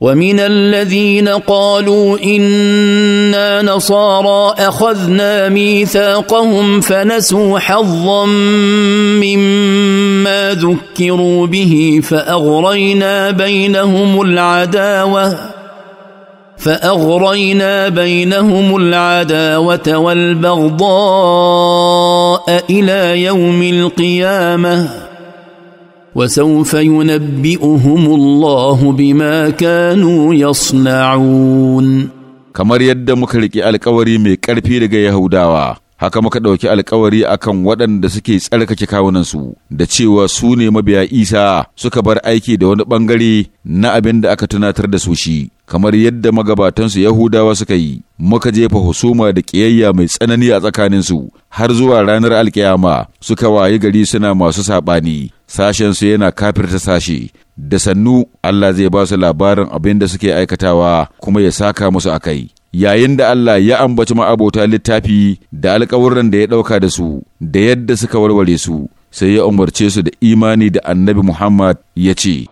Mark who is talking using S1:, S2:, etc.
S1: ومن الذين قالوا انا نصارى اخذنا ميثاقهم فنسوا حظا مما ذكروا به فاغرينا بينهم العداوه فاغرينا بينهم العداوه والبغضاء الى يوم القيامه وسوف ينبئهم الله بما
S2: كانوا يصنعون kamar yadda muka riƙe alkawari mai ƙarfi daga Yahudawa, haka muka ɗauki alkawari akan waɗanda suke tsarkake kawunansu da cewa su ne mabiya Isa suka bar aiki da wani ɓangare na abin da aka tunatar da su shi. kamar yadda magabatansu Yahudawa suka yi, muka jefa husuma da ƙiyayya mai tsanani a tsakaninsu har zuwa ranar alkiyama suka wayi gari suna masu saɓani, sashensu yana kafirta sashe, da sannu Allah zai ba su labarin abin da suke aikatawa kuma ya saka musu akai. Yayin da Allah ya ambaci ma'abota littafi da alkawuran da ya ɗauka da su, da yadda suka warware su, sai ya umarce su da imani da annabi Muhammad ya ce,